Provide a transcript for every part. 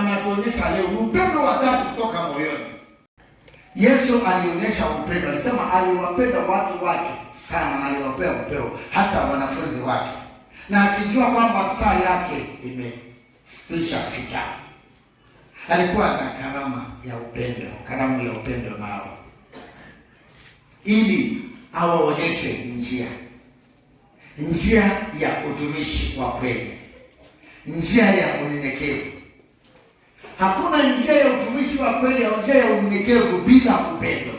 anatuonyesha leo ni upendo wa dhati kutoka moyoni. Yesu alionyesha upendo, alisema aliwapenda watu wake sana aliwapea upeo hata wanafunzi wake, na akijua kwamba saa yake imekwisha fika, alikuwa na karama ya upendo, karamu ya upendo nao, ili awaonyeshe njia, njia ya utumishi wa kweli, njia ya unyenyekevu Hakuna njia ya utumishi wa kweli au njia ya unyenyekevu bila upendo.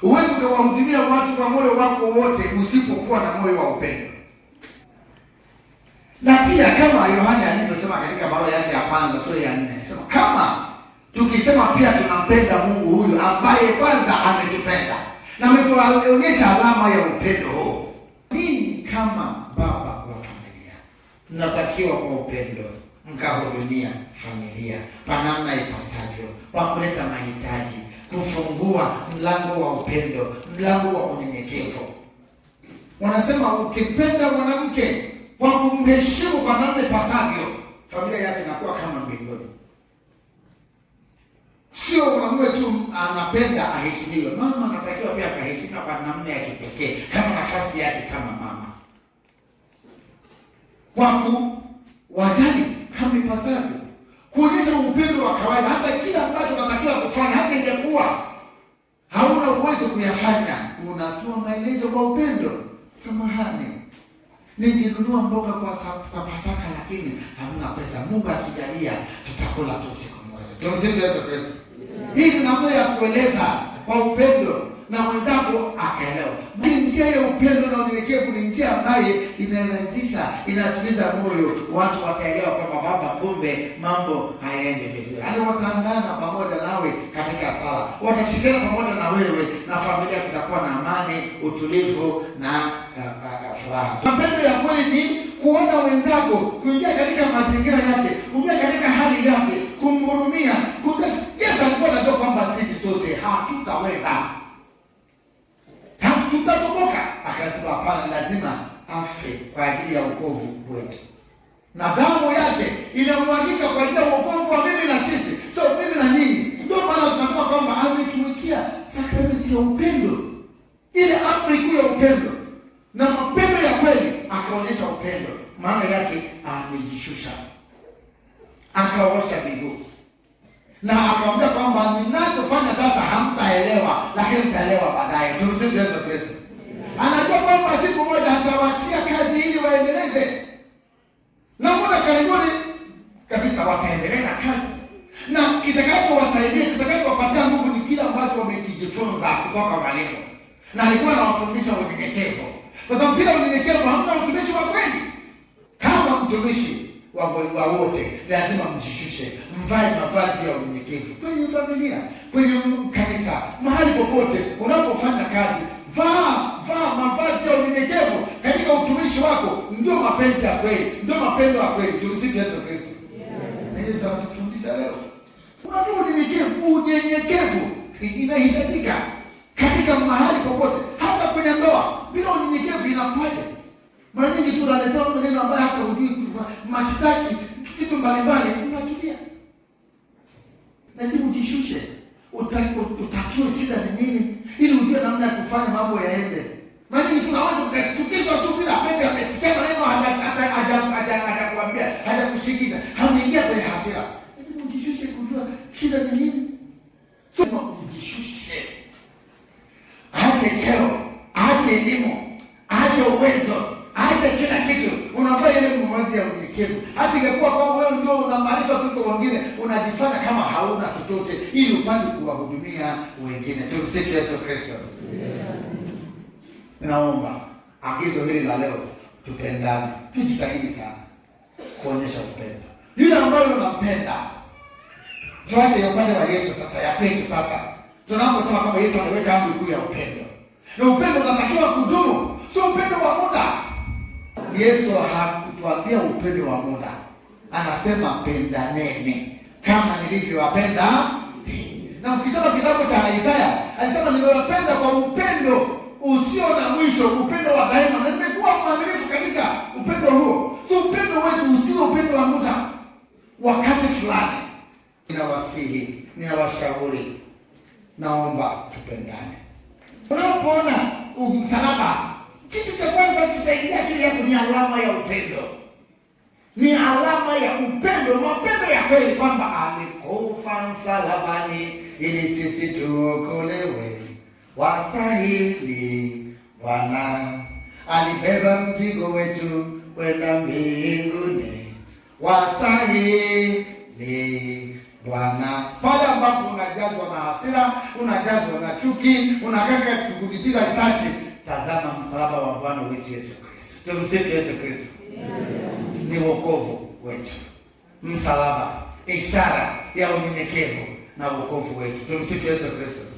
Huwezi ukawahudumia watu kwa moyo wako wote usipokuwa na moyo wa upendo. Na pia kama Yohana alivyosema katika barua yake ya kwanza sura ya nne, anasema kama tukisema pia tunampenda Mungu huyu ambaye kwanza ametupenda na ametuonyesha alama ya upendo huo. Ninyi kama baba wa familia mnatakiwa kwa upendo mkahudumia familia kwa namna ipasavyo, kwa kuleta mahitaji, kufungua mlango wa upendo, mlango wa unyenyekevu. Wanasema ukipenda mwanamke kwa kumheshimu kwa namna ipasavyo, familia yake inakuwa kama mbinguni. Sio mwanamume tu anapenda aheshimiwe, mama anatakiwa pia akaheshimiwa kwa namna ya kipekee, kama nafasi yake kama mama, kwa kuwajali kama ipasavyo, kuonyesha upendo wa kawaida, hata kile ambacho unatakiwa kufanya, hata ijakuwa hauna uwezo kuyafanya, unatoa maelezo kwa upendo. Samahani, ningenunua mboga kwa kwa Pasaka, lakini hamna pesa. Mungu akijalia tutakula tu siku moja. Tumsifu Yesu Kristo. Hii ni namna ya kueleza kwa upendo na mwenzangu akaelewa. Ni njia ya upendo na unyenyekevu, ni njia ambaye inarahisisha, inatuliza moyo, watu wakaelewa kwamba baba, kumbe mambo hayaende vizuri. Yaani wataandana pamoja nawe katika sala, watashikiana pamoja na wewe, na familia kutakuwa na amani, utulivu na eh, eh, eh, furaha. Mapendo ya kweli ni kuona wenzako, kuingia katika mazingira yake, kuingia katika hali yake, kumhurumia. Yesu alikuwa anajua kwamba sisi sote hatutaweza akasema hapana, lazima afe kwa ajili ya wokovu wetu, na damu yake inamwagika kwa ajili ya wokovu wa mimi na sisi, so mimi na nini Ndio maana tunasema kwamba ametumikia sakramenti ya upendo, ile amri kuu ya upendo na mapendo ya kweli, akaonyesha upendo. Maana yake amejishusha, akaosha miguu na akamwambia kwamba ninachofanya sasa hamtaelewa, lakini mtaelewa baadaye. Tumsifu Yesu Kristo kwamba siku moja hatawaachia kazi ili waendeleze, na mbona karibuni kabisa wakaendelea na kazi, na kitakachowasaidia kitakachowapatia nguvu ni kile ambacho wamekijifunza kutoka mwalimu, na alikuwa anawafundisha unyenyekevu, kwa sababu bila unyenyekevu hamna mtumishi wa kweli. Kama mtumishi wa wote lazima mjishushe, mvae mavazi ya unyenyekevu kwenye familia, kwenye kanisa, mahali popote unapofanya kazi, vaa mavazi ya unyenyekevu katika utumishi wako, ndio mapenzi ya kweli, ndio mapendo ya kweli. Tumsifu Yesu Kristo. Na Yesu anatufundisha leo, Unajua unyenyekevu, unyenyekevu inahitajika katika mahali popote, hata kwenye ndoa. Bila unyenyekevu inakuwaje? Mara nyingi tunaletewa maneno ambayo hata hujui, mashtaki, kitu mbalimbali, unatulia lazima ujishushe, utatue shida ni nini, ili ujue namna ya kufanya mambo yaende maana tunaweza kuchukizwa tu bila Mungu amesisema neno hata hata hajakuambia hajakushikiza hauingia kwenye hasira lazima ujishushe kujua shida ni nini sema ujishushe ache cheo ache elimu ache uwezo ache kila kitu unafanya ile mavazi ya unyenyekevu hata ingekuwa kwamba wewe ndio una maarifa kuliko wengine unajifanya kama hauna chochote ili upate kuwahudumia wengine tumsifu Yesu Kristo yeah naomba agizo hili la leo, tupendane, tujitahidi sana kuonyesha upendo. Yule ambayo unampenda Tuanze ya upande wa Yesu sasa, ya kwetu sasa. Tunaposema kwamba Yesu ameweka amri kuu ya upendo, na upendo unatakiwa kudumu, sio upendo wa muda. Yesu hakutuambia upendo wa muda, anasema pendaneni kama nilivyowapenda. Na ukisoma kitabu cha Isaya alisema nimewapenda kwa upendo usio na mwisho, upendo wa daima, na nimekuwa mwaminifu katika upendo huo. So upendo wetu usio upendo wa muda, wakati fulani. Ninawasihi, ninawashauri, naomba tupendane. Unapoona msalaba, kitu cha kwanza kitaingia kile yako ni alama ya upendo, ni alama ya upendo, mapendo ya kweli, kwamba alikufa msalabani ili sisi tuokolewe wastahili Bwana, alibeba mzigo wetu kwenda mbinguni, wastahili Bwana. Pale ambapo unajazwa na hasira, unajazwa na chuki, unataka kukulipiza sasi tazama msalaba wa Bwana wetu Yesu Kristo. Tumsifu Yesu Kristo. Ni wokovu wetu, msalaba, ishara ya unyenyekevu na wokovu wetu. Tumsifu Yesu Kristo.